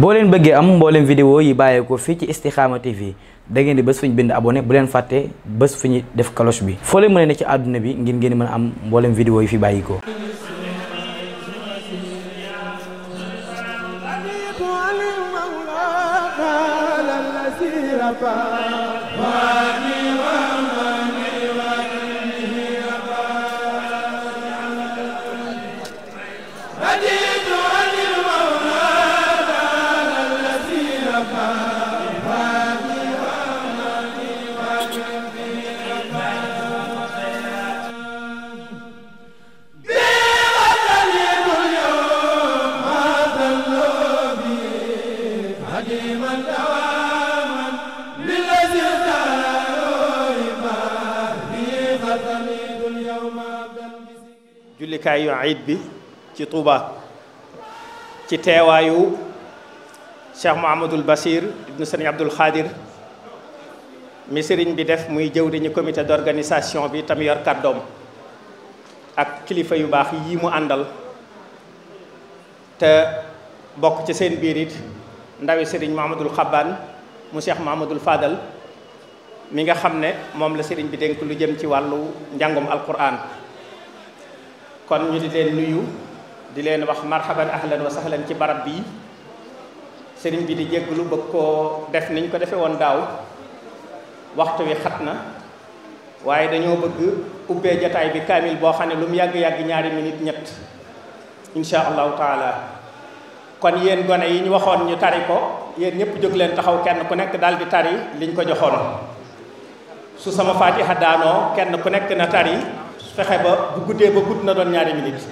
boo leen bëggee am mbooleem vidéo yi bàyyeekoo fii ci Istikhama TV da ngeen di bés fu ñu bind abone bu leen fàtte bés fu ñu def cloche bi foo leen mën ne ci àdduna bi ngir ngeen mën am mbooleem vidéo yi fi bàyyikoo ko jullikaayu ayit bi ci Touba ci teewaayu Cheikh Mouhamadul Basir ibnu sëriñ Abdul Xaadir mi sëriñ bi def muy jëw jëwriñu comité d'organisation bi tam yor kàddoom ak kilifa yu baax yi mu àndal te bokk ci seen biir it ndawi sëriñ Mouhamadul Xabbaan mu Cheikh Mouhamadul Fadal mi nga xam ne moom la sëriñ bi dénk lu jëm ci wàllu njàngum alquran kon ñu di leen nuyu di leen wax marhaban ahlan wa sahlan ci barab bii sëriñ bi di jégglu bëgg koo def niñ ko defe woon daaw waxtu wi xat na waaye dañoo bëgg ubbee jataay bi kaamil boo xam ne lu mu yàgg-yàgg ñaari nit ñett insha allahu taala kon yéen gone yi ñu waxoon ñu tari ko yéen ñëpp jóg leen taxaw kenn ku nekk daal di tari liñ ko joxoon su sama fatiha daanoo kenn ku nekk na tari fexe ba bu guddee ba gudd na doon ñaari minutes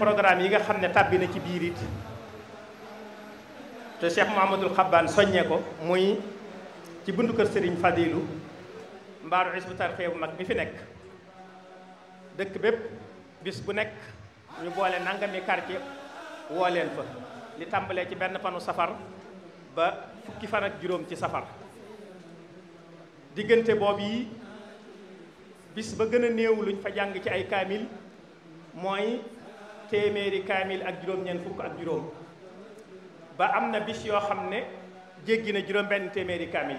programme yi nga xam ne tàbbi na ci biir te Cheikh Mouhamadul Xabbaan soññee ko muy ci buntu kër Serigne Fadilu mbaaru Hizbut Tarqiyyah bu mag bi fi nekk dëkk bépp bis bu nekk ñu boole nangami quartier woo leen fa li tàmbalee ci benn fanu safar ba fukki fan juróom ci safar diggante boobu yi bis ba gën a néew luñ fa jàng ci ay kaamil mooy téeméeri kaamil ak juróom-ñeent fukk ak juróom ba am na bis yoo xam ne jéggi na juróom benn téeméeri kaamil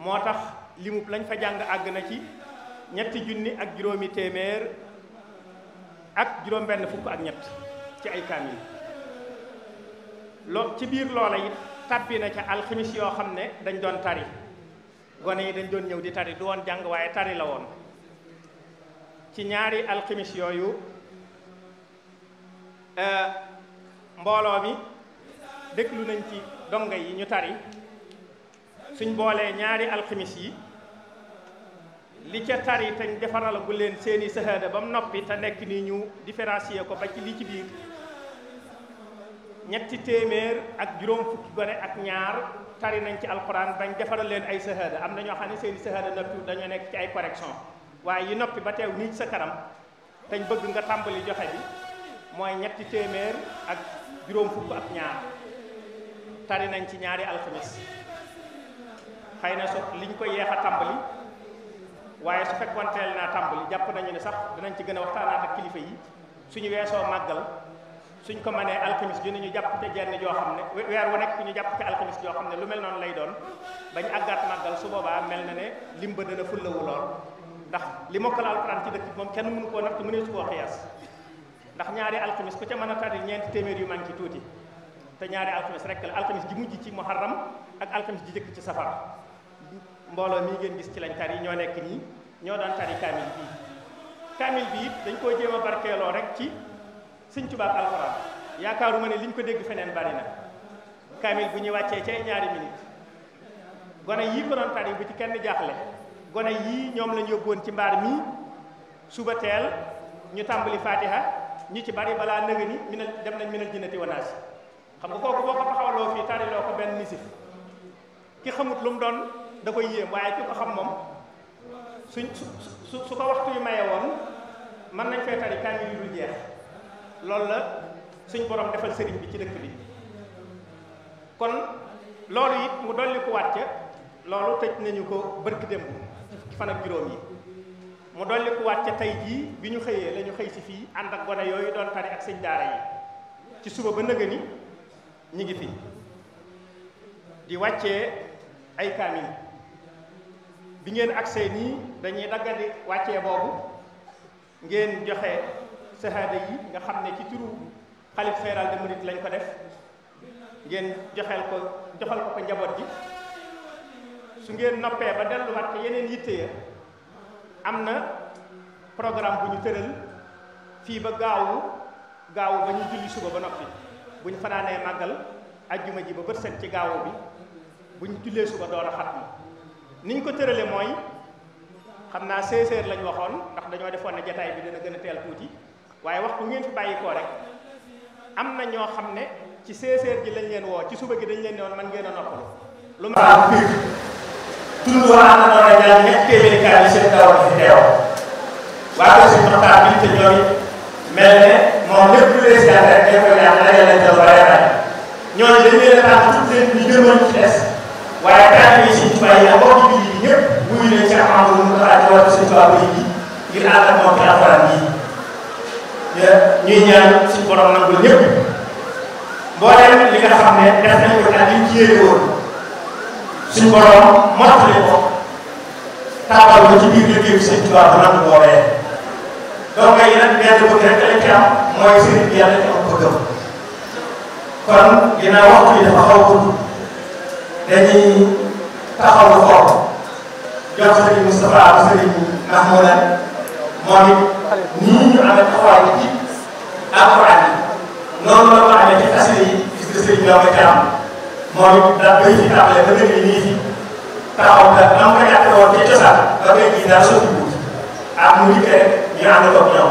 moo tax limub lañ fa jàng àgg na ci ñetti junni ak juróomi téeméer ak juróom benn fukk ak ñett ci ay kaamil lo ci biir loola yi tàbbi na ca alximis yoo xam ne dañ doon tari gone yi dañ doon ñëw di tari du woon jàng waaye tari la woon ci ñaari alximis yooyu Euh, mbooloo mi déglu nañ ci dongo yi ñu tari suñ boolee ñaari alxamis yi li ca tari tañ defaral gu leen seeni sahaada ba mu noppi te nekk nii ñu différencier ko ba ci li ci biir ñetti téeméer ak juróom fukki gone ak ñaar tari nañ ci alxuraan bañ defaral leen ay sahaada am na ñoo xam ne seeni sahaada noppi dañu nekk ci ay correction waaye yi noppi ba teew nii sa kanam tañ bëgg nga tàmbali joxe bi mooy ñetti téeméer ak juróom fukk ak ñaar tari nañ ci ñaari alxamis xay na so liñ ko yeex a tàmbali waaye su fekkoon teel naa tàmbali jàpp nañu ne sax danañ ci gën a waxtaanaat ak kilifa yi suñu weesoo màggal suñ ko mënee alxamis ji ñu jàpp ca jenn joo xam ne weer wu nekk ñu jàpp ca alxamis joo xam ne lu mel noonu lay doon bañ àggaat màggal su boobaa mel na ne limba dana fullawu lool ndax li mokkal alxuraan ci dëkk moom kenn mënu koo natt mëneesu koo ndax ñaari alxamis ku ca mën a tari ñeenti téeméer yu ci tuuti te ñaari alxamis rek la alxamis ji mujj ci muharram ak alxamis ji jëkk ci safar mbooloo mii ngeen gis ci lañ tari ñoo nekk nii ñoo daan tari kaamil bii kaamil bi dañ koo jéem a barkeeloo rek ci sëñ Tuubaa alxuraan yaakaaruma ne liñ ko dégg feneen bari na kaamil bu ñuy wàccee ci ñaari minute gone yii ko doon tari bu ci kenn jaaxle gone yii ñoom lañu yóbboon ci mbaar mi suba teel ñu tàmbali fatiha ñu ci bari balaa nëga ni mi dem nañ mi na jinnati wanaas xam nga kooku boo ko taxawaloo fii tariloo ko benn misif ki xamut lu mu doon dafa koy yéem waaye ki ko xam moom suñ su su ko woon mën nañ fee tari kaamil yu dul jeex loolu la suñ borom defal sëriñ bi ci dëkk bi kon loolu it mu dolli ko wàcc loolu tëj nañu ko bërk démb fan ak juróom yi mu dolli ku ca tey jii bi ñu xëyee la ñu xëy si fii ànd ak gone yooyu doon tari ak sëñ daara yi ci suba ba nëga ni ñi ngi fi di wàcce ay kaamil bi ngeen agsee nii dañuy daggandi wàcce boobu ngeen joxe sahaada yi nga xam ne ci turu xalif général des lañ ko def ngeen joxeel ko joxal ko ko njaboot ji su ngeen noppee ba delluwaat yeneen yitte ya am na programme bu ñu tëral fii ba gaawu gaawu ba ñu julli suba ba noppi bu ñu fanaanee màggal ajjuma ji ba bët set ci gaawu bi bu ñu jullee suba door a xatma ni ñu ko tërale mooy xam naa séeséer lañ waxoon ndax dañoo defoon ne jataay bi dina gën a teel tuuti waaye wax bu ngeen fi bàyyi koo rek am na ñoo xam ne ci séeséer ji lañ leen woo ci suba gi dañ leen ne woon man ngeen a noppalu lu ma toujours waa ànd moo lay daal ñetti téeméeri kaay yi seen daaw di fi teew waa ko si Moxtaar bi te ñooy mel ne moom lépp lu des yàlla rek day koy yàlla dajale jël ba yaram ñooñu dañ leen a tànn tudd leen ñu gënoon ci des waaye kaay yi si tubaab yi ak bokk bi yi ñëpp wuyu leen ci amam lu mu xalaat di wàllu seen tubaab yi ngir ànd ak moom ci alxuraan yi ñuy ñaan si borom nangul ñëpp mbooleem li nga xam ne def nañ ko ak liñ ci suñu borom mottali ko tàbbal ko ci biir liggéeyu sëñ Tuubaa bu nangu boobee donc yeneen benn bëgg rek lañ ci am mooy sëriñ bi yàlla ci am bëggam kon ginnaaw waxtu yi dafa xaw a gudd dañuy taxaw lu xool jox sëriñ Moustapha ak sëriñ Mahmouda moom it nii ñu amee taxawaay ci alquran yi noonu la ko amee ci asili yi gis nga sëriñ Dame Thiam moom it daal béy si taxalee ba léegi nii ci taxaw te na nga jàppee woon ca cosaan ba béy ji daal sotti bu ah mu ngi rek ñu ànd toog ñoom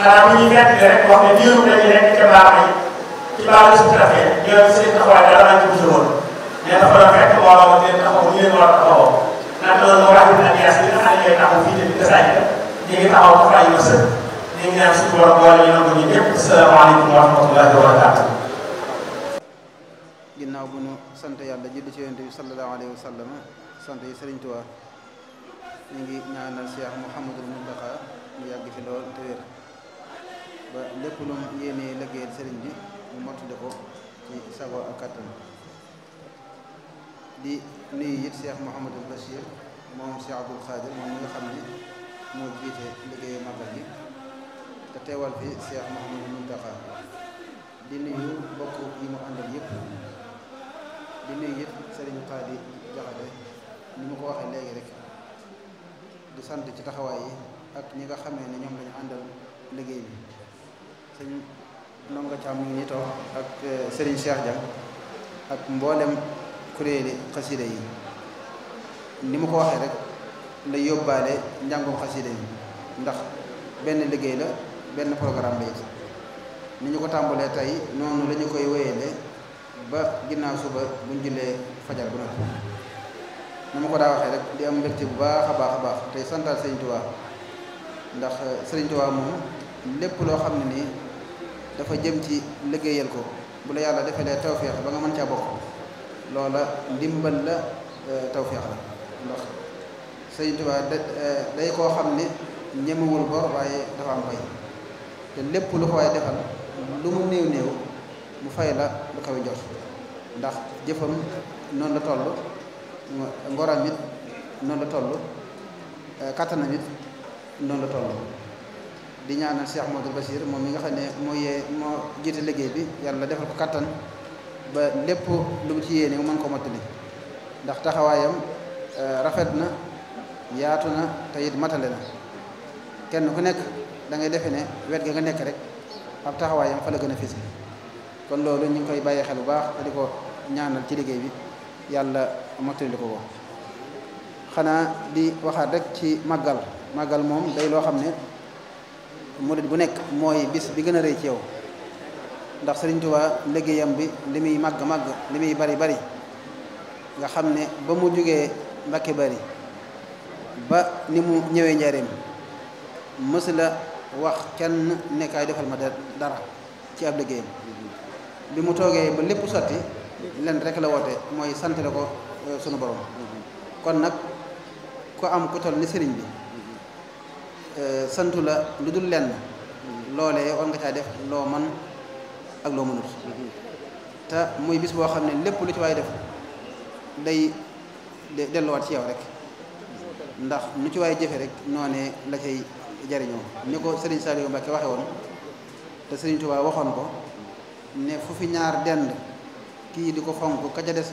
xanaa bu ñuy fekk rek wax ne diiru dañuy nekk ca baax yi ci baax la suuf tafee ñoom seen taxawaay dara lañ ko jëloon mais dafa doon fekk mbooloo ma leen taxaw ñu leen war a taxawoo naka la ñu waxee ak yaas bi nga xam ne ñooy taxaw fii tamit desaay la ñu ngi taxaw taxawaay yu ma sën ñu ngi ñaan suñu borom boole ñu nangu ñu ñëpp salaamaaleykum wa rahmatullahi wa barakatuh ginnaaw bu ñu sant yàlla julli ci yonent bi sallallahu alayhi wa sant yi Sëriñ Tuubaa ñu ngi ñaanal Cheikh Mouhamadul Muntaxa mu yàgg fi lool te wér ba lépp lu mu yéenee liggéeyal sëriñ bi mu mottali ko ci sago ak kàttan di nuyu it Cheikh Mouhamadul Bachir moom Cheikh Abdoul Khadir moom mi xam ne moo jiite liggéeyu màggal gi te teewal fi Cheikh Mouhamadul Muntaxa di nuyu bokk yi mu àndal yëpp di nuyu yëpp sëriñ Xaadi Jaxate ni ma ko waxee léegi rek di sant ci taxawaay yi ak ñi nga xamee ne ñoom lañu àndal liggéey bi sëñ Ndongo Caam mi ngi nii toog ak eh, sëriñ Cheikh Dia ak mboolem kuréeli xasida yi ni ma ko waxee rek la yóbbaale njàngum xaside yi ndax benn liggéey la benn programme la it ni ñu ko tàmbalee tey noonu lañu ñu koy wéyale ba ginnaaw suba buñ jullee fajar bu noppi na ma ko daa waxee rek di am mbégte bu baax a baax a baax tey santal Sëriñ ndax euh, Sëriñ Tuubaa moom lépp loo xam ne nii dafa jëm ci liggéeyal ko bu la yàlla defalee tawféex ba nga mën caa bokk loola ndimbal la euh, tawféex la ndax Sëriñ Tuubaa euh, day koo xam ne ñemewul bor waaye dafa am bay te lépp lu ko waaye defal lu mu néew néew mu fay la lu kawe jot ndax jëfam noonu la toll ngoram it noonu la toll eh, kattanam it noonu la toll di ñaanal Cheikh Modou Bachir moom mi nga xam ne moo yee moo jiite liggéey bi yàlla defal ko kattan ba lépp lu mu ci yéene mu mën ko mottali ndax taxawaayam eh, rafet na yaatu na te it matale na kenn ku nekk dangay ngay defe ne wet ga nga nekk rek ab taxawaayam fa la gën a fis kon loolu ñu ngi koy bàyyi xel bu baax te di ko ñaanal ci liggéey bi yàlla mottali ko ko xanaa di waxaat rek ci màggal màggal moom day loo xam ne murid bu nekk mooy bis bi gën a rëy ci yow ndax Sëriñ Tuubaa liggéeyam bi li muy màgg màgg li muy bari bari nga xam ne ba mu jógee Mbàkke bari ba ni mu ñëwee njaareem mësu la wax kenn nekkaay defal ma dara ci ab liggéeyam bi mu toogee ba lépp sotti leen rek la woote mooy sant la ko euh, sunu borom kon nag ku am ku toll ni sëriñ bi euh, santu la lu dul lenn loolee war nga caa def loo man ak loo mënut te muy bis boo xam ne lépp lu ci waay def day delluwaat ci yow rek ndax nu ci waay jëfe rek noonee la cay jariñoo ni ko sëriñ Saliou Mbacke waxe woon te sëriñ Touba waxoon ko ne fu fi ñaar dend kii di ko fonk ka ca des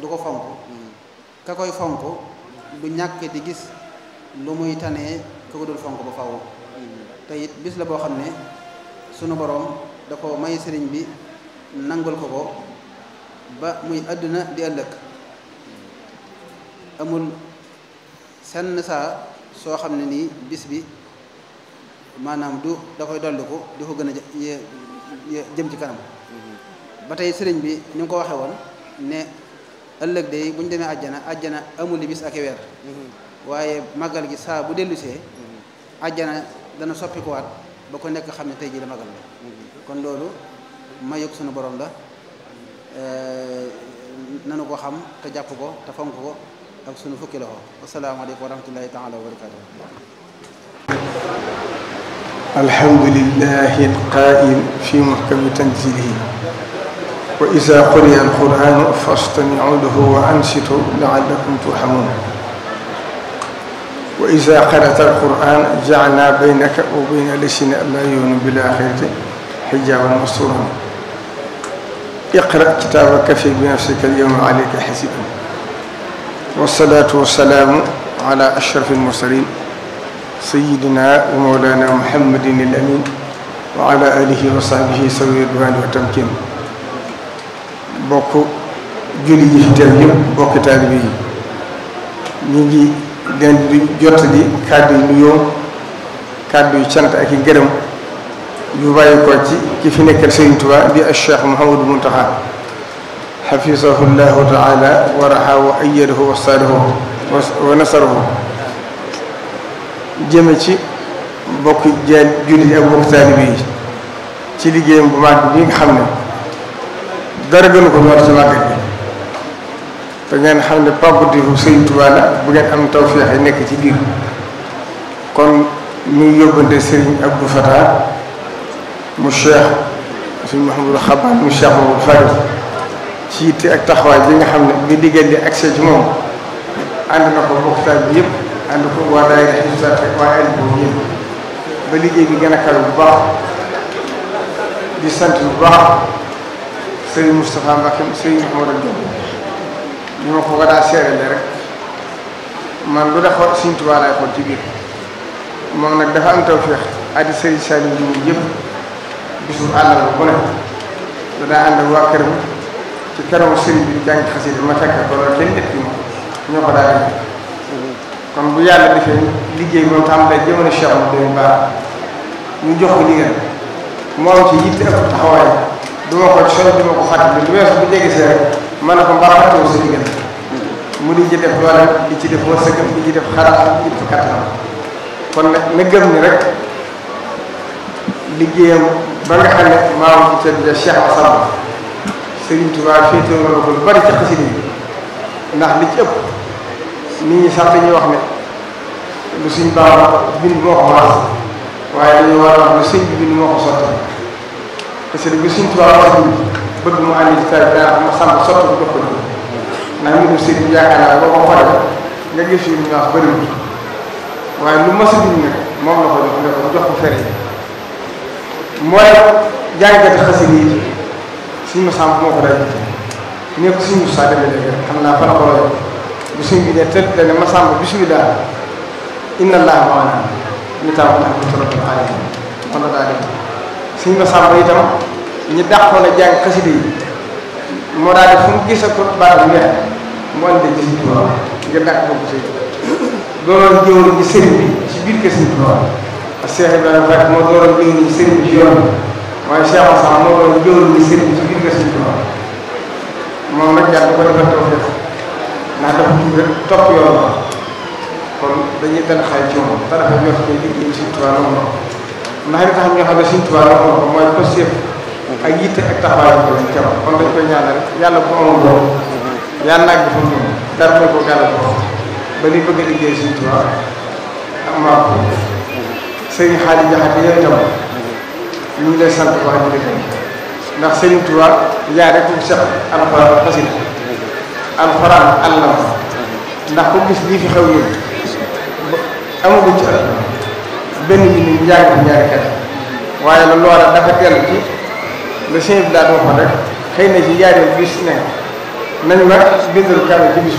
du ko fonk mm. ka koy fonk bu ñàkk di gis lu muy tanee ka ko dul fonk ba faw mm. te bis la boo xam ne sunu boroom da ko may sëriñ bi nangul ko ko ba muy àdduna di ëllëg mm. amul senn saa soo xam ne nii bis bi maanaam du da koy dolliku di ko gën a jëm ci kanam ba tey sëriñ bi ñu nga ko waxee woon ne ëllëg day bu ñu demee àjjana àjjana amul libis bis ak weer mm-hmm. waaye màggal gi saa bu dellusee mm-hmm. àjjana dana soppikuwaat ba ko nekk xam ne tey ji la màggal la mm-hmm. kon loolu ma yëg sunu borom la nanu ko xam te jàpp ko te fonk ko ak sunu fukki loxo asalaamaaleykum wa rahmatullahi taala wa barakatuh alhamdulillahi alqaa'il fi muhkami tanziilihi wa izaa quri'a alqur'aanu fastami'uu lahu wa ansituu la'allakum turhamuun wa izaa qara'ta alqur'aana ja'alnaa baynaka wa bayna allaziina laa yu'minuuna bil aaxirati hijaaban mastuuraa iqra' kitaabaka kafaa bi nafsika al-yawma 'alayka hasiiban wa salaatu wa salaamu alaa ashrafil mursaliin sayidina wa mawlana muhammadin al amin wa ala alihi wa sahbihi sawi ridwani wa tamkin bokk julli yi fi teew yëpp bokki taalibe yi ñu ngi di jottali kàddu yu nuyoo kàddu ak i gërëm yu bàyyi ko ci ki fi nekkal Sëriñ Tuubaa bi al Cheikh Mouhamadou Mountakha xafisahu llahu taala wa raxaahu wa ayyadahu wa saadahu wa nasarahu jëme ci bokk jaan jullit ak bokk taalib yi ci liggéeyam bu màgg bi nga xam ne dara gënu ko ñor ci màggal bi te ngeen xam ne pàggatiku Sëriñ Tuubaa la bu ngeen am tawféex yi nekk ci biir kon ñu yóbbante Sëriñ Abdou Fatah mu Cheikh Sëriñ Mahamadou Xabaat mu Cheikh Mahamadou Farid ci yitte ak taxawaay bi nga xam ne bi diggante accès ci moom ànd na ko bokk taalib bi yëpp ànd ko waa daayira Hizbut Tarqiyyah waaye ànd ko ñëpp ba liggéey gën a kawe bu baax di sant bu baax sëriñ Moustapha Mbacke sëriñ Mouhamadou Diop ñu ma ko daa seerale rek man lu dafa Sëriñ Tuubaa laay xool ci biir moom nag dafa am tawfeex addi sëriñ Saliou Diouf yëpp bisu àll bu ne danaa ànd ak waa këram ci keroog sëriñ bi jàng xasida ma fekk ko loolu kenn nit ñi kon bu yàlla defee liggéey moom tam day jamono Cheikh Mouhamadou Bara ñu jox ko ndigal moom ci yitte ëpp taxawaay du ma ko soñ du ma ko fàttali lu weesu bu jege see rek ma ne ko mbaa fàttewul sa ndigal mu di ci def doole di ci def wërsëgam di ci def xalaat di ci kattanam kon nag na gëm ni rek liggéeyam ba nga xam ne maam ci tëdd Cheikh Massamba Serigne Touba féetewul ko lu bari ci xasida yi ndax li ci ëpp nit ñi sax dañuy wax ne lu suñ baax bind moo ko maas waaye dañoo war a wax lu sëñ bi bind moo ko sotti parce que bu suñ tubaab wax ni bëgg mu àndi ci taal bi daa ma sàmm sotti bu bopp bi ndax mbirum sëñ bi yaakaar naa boo ko xoolee nga gis yu ñu wax bëriwul waaye lu mas a bind nag moom la ko jox nga ko jox ko fere mooy jàngati xasida yi suñu ma sàmm moo ko day nekk suñu saa demee léegi xam naa fa la ko bu sëñ bi dee tëdd dana ma sàmm bisimilah inna allaha maana ñu taw ndax ñu torob alamin kon daa dem suñ ma sàmm itam ñu dàqoon a jàng xasida yi moo daal di fu mu gis ak baatam neex mu andi ci sëñ Tuubaa ngir dàq boobu sëñ dooloon jëwriñ bi ci biir kër sëñ Tuubaa ak Cheikh Ibrahima Faye moo dooloon jëwriñ ci sëriñ bi ci yoon waaye Cheikh moo doon jëwriñ ci sëriñ bi ci topp yoon ba kon dañuy gën a xay ci moom te dafa jot ci liggéey Sëñ Tuubaa noonu ndax li tax ñu xam ne Sëñ Tuubaa noonu ko mooy pëstéef ak yitte ak ko ci kanam kon dañ koy ñaanal yàlla bu amul loolu nag dafa ñëw dara ko gàllankoor ba li bëgg liggéey Sëñ Tuubaa am naa ko sëñ Xaali Jaxate yow itam ñu ngi lay sant wax ñu dëgg ndax Sëñ Tuubaa yaa rek bu seq alxuraan xasida alxuraan àllam ndax ku gis lii fi xew yéen amaguñ ci at benn bi ni njàng ñaari kat waaye la loola dafa teel ci le sëñ bi daal rek xëy na ci yaari bis ne nañu wax bindal kaame ci bi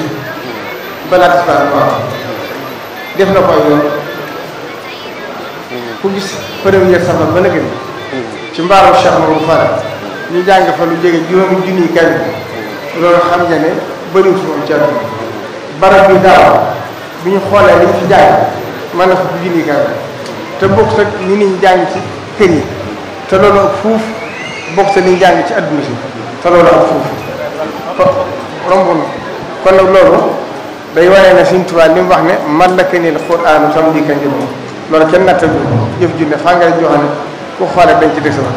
balaa tisbaar waaw def na ko ay yoon ku ci mbaaru Cheikh jàng fa lu jege juróomi junniy kaame loolu xam nga ne bëriwul moom ci àdduna barab bi daaw bi ñu xoolee li ñu fi jàng mën na fukki junni kaw te bokk sa ni ñu jàng ci kër yi te loolu ak fuuf bokk ak li ñu jàng ci adduna si te loolu ak fuuf romb na kon nag loolu day wane ne Sëriñ Tuubaa li mu wax ne man la këneel Qur'aan sam di ka njëriñ loolu kenn nattal bi jëf junne faa nga joo xam ne ku xoolee dañ ci des ba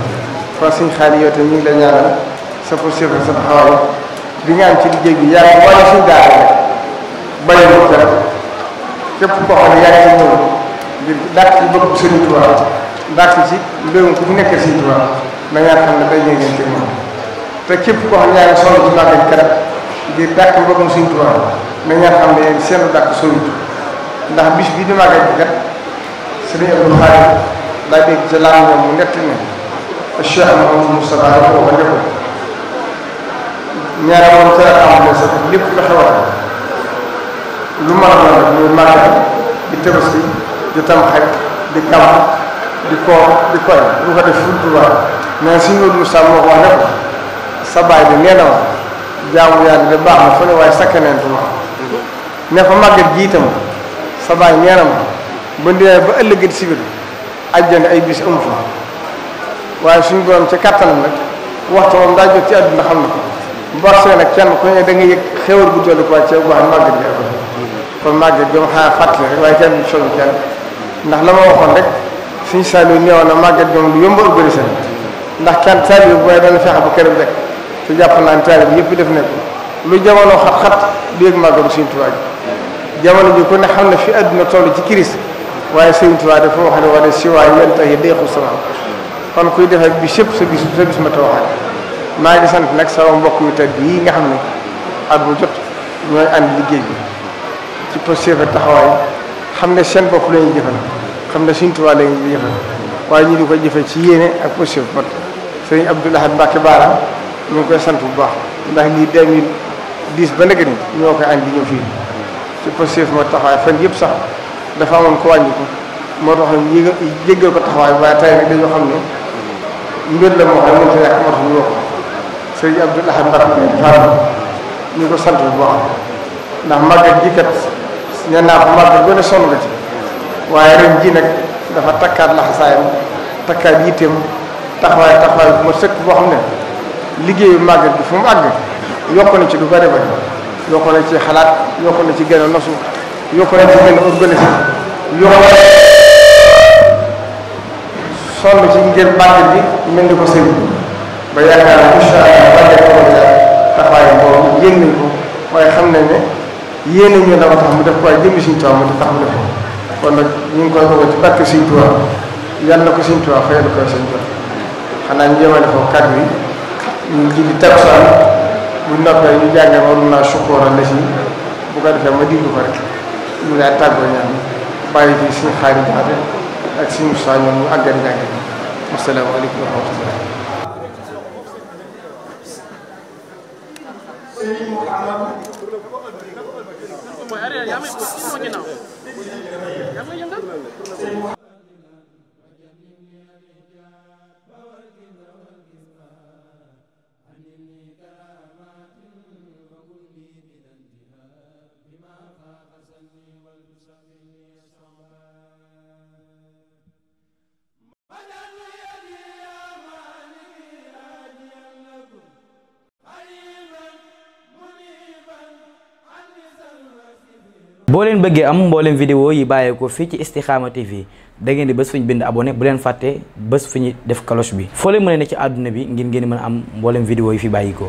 kon suñ xaalis yow tamit ñu ngi la ñaanal sa pour sa xawaay bi nga am ci liggéey bi yàlla wala suñ daara rek bàyyi wu dara képp koo xam ne yaa ngi ci ñëw ngir dàq ci bëgg Sëriñ Tuubaa dàq ku fi nekk Sëriñ Tuubaa da ngaa xam ne day ñëw ngeen te képp koo xam ne yaa ngi sonn ci màggal karab ngir dàq bëggum Sëriñ Tuubaa da ngaa xam ne yéen seenu dàq bis bii di màggal bi kat Sëriñ Abdou Khadre daa dégg ci laam mu nett ne Cheikh Mouhamadou Moustapha dafa ko ba ne ko ñaare moom ca am na sax lépp lu xew lu mën a doon muy màggal di tabaski di tamxarit di gàmm di koor di koy lu ko def ful Tuubaa si ñun Moussa moo ko ne ko sa baay bi nee na ma jaamu yàlla de baax na fa ne waaye sakkaneen tu ma ne fa màggal ji itam sa baay nee ma ba ndee ba ëllëgët si biir ajjana ay bis amu fa waaye suñu borom ca kattanam nag waxtu moom daa jot ci àdduna xam na ko borsee nag kenn ku ne da nga yëg xéwal bu dolli ko ci wax màggal bi kon màggal gi ma xanaa fàttali rek waaye kenn du soññ kenn ndax la ma waxoon rek suñu saaliw néew na màggal gi moom lu yomb organisé ndax kenn taalibe bu waaye dana fexe ba këram rek te jàpp naa def nekk lu jamono xat-xat du yëg màggalu Sëriñ Tuubaa gi ji ku ne xam ne fi àdduna toll ci kiris waaye Sëriñ Tuubaa dafa wax ne wala si waay yéen tax yi deexul sama kon kuy defee bi sëpp sa bis sa bis ma maa ngi sant nag sama mbokk yu tedd yi nga xam ne at bu jot ñooy ànd liggéey bi ci posture ak taxawaay xam ne seen bopp la ñuy jëfal xam ne suñ tubaab la waa jëfal waaye ñu di ko jëfe ci yéene ak posture bu mat sëriñ Abdou Lahad Mbacke Baara ñu sant bu baax ndax lii 2010 ba nag ni ñoo koy andi ñëw fii ci posture moo taxawaay fan yëpp sax dafa amoon ko wàññi moo tax ñu jéggal ko taxawaay waaye tey nag dañoo xam ne mbir la moo xam ne mënta nekk moo tax ñu ko sëriñ Abdou Lahad Mbacke Baara ñu sant bu baax ndax màggat ji nee naa ko màggal gën a sonn nga ci waaye ren jii nag dafa takkaat laxasaayam takkaat yitteem taxawaay taxawaay bu ma sëkk boo xam ne liggéeyu màggal bi fu mu àgg yokk na ci lu bëri bëri yokk na ci xalaat yokk ci gën a nosu yokk na ci gën a organisé yokk na sonn ci ngir màggal bi mel ni ko sëriñ ba yaakaar naa incha allah ba taxawaay boobu yëg waaye xam nañ ne yéene ñu dama tax mu def ko waaye jëmmi Sëriñ Tuubaa mu def ko kon nag ñu ngi koy ci barke Sëriñ Tuubaa yal na ko Sëriñ Tuubaa ko Sëriñ Tuubaa xanaa ñu yemale foofu kàddu yi ñu ji di takkusaan bu noppee ñu jàngee moom naa sukkoora la si bu ko defee ma diglu ko rek ñu lay tàggoo ñaan bàyyi ji suñu xaari jaate ak suñu saa ñoom ñu àggal jàngee mooy arrière yaa may moo ginnaaw ngeen bëggee am mboolem vidéo yi bàyyeekoo fii ci Istikhama TV da ngeen di bés fu ñu bind abonné bu leen fàtte bés fu ñu def cloche bi foo leen mën ne ci àdduna bi ngir ngeen mën a am mboolem vidéo yi fi bàyyikoo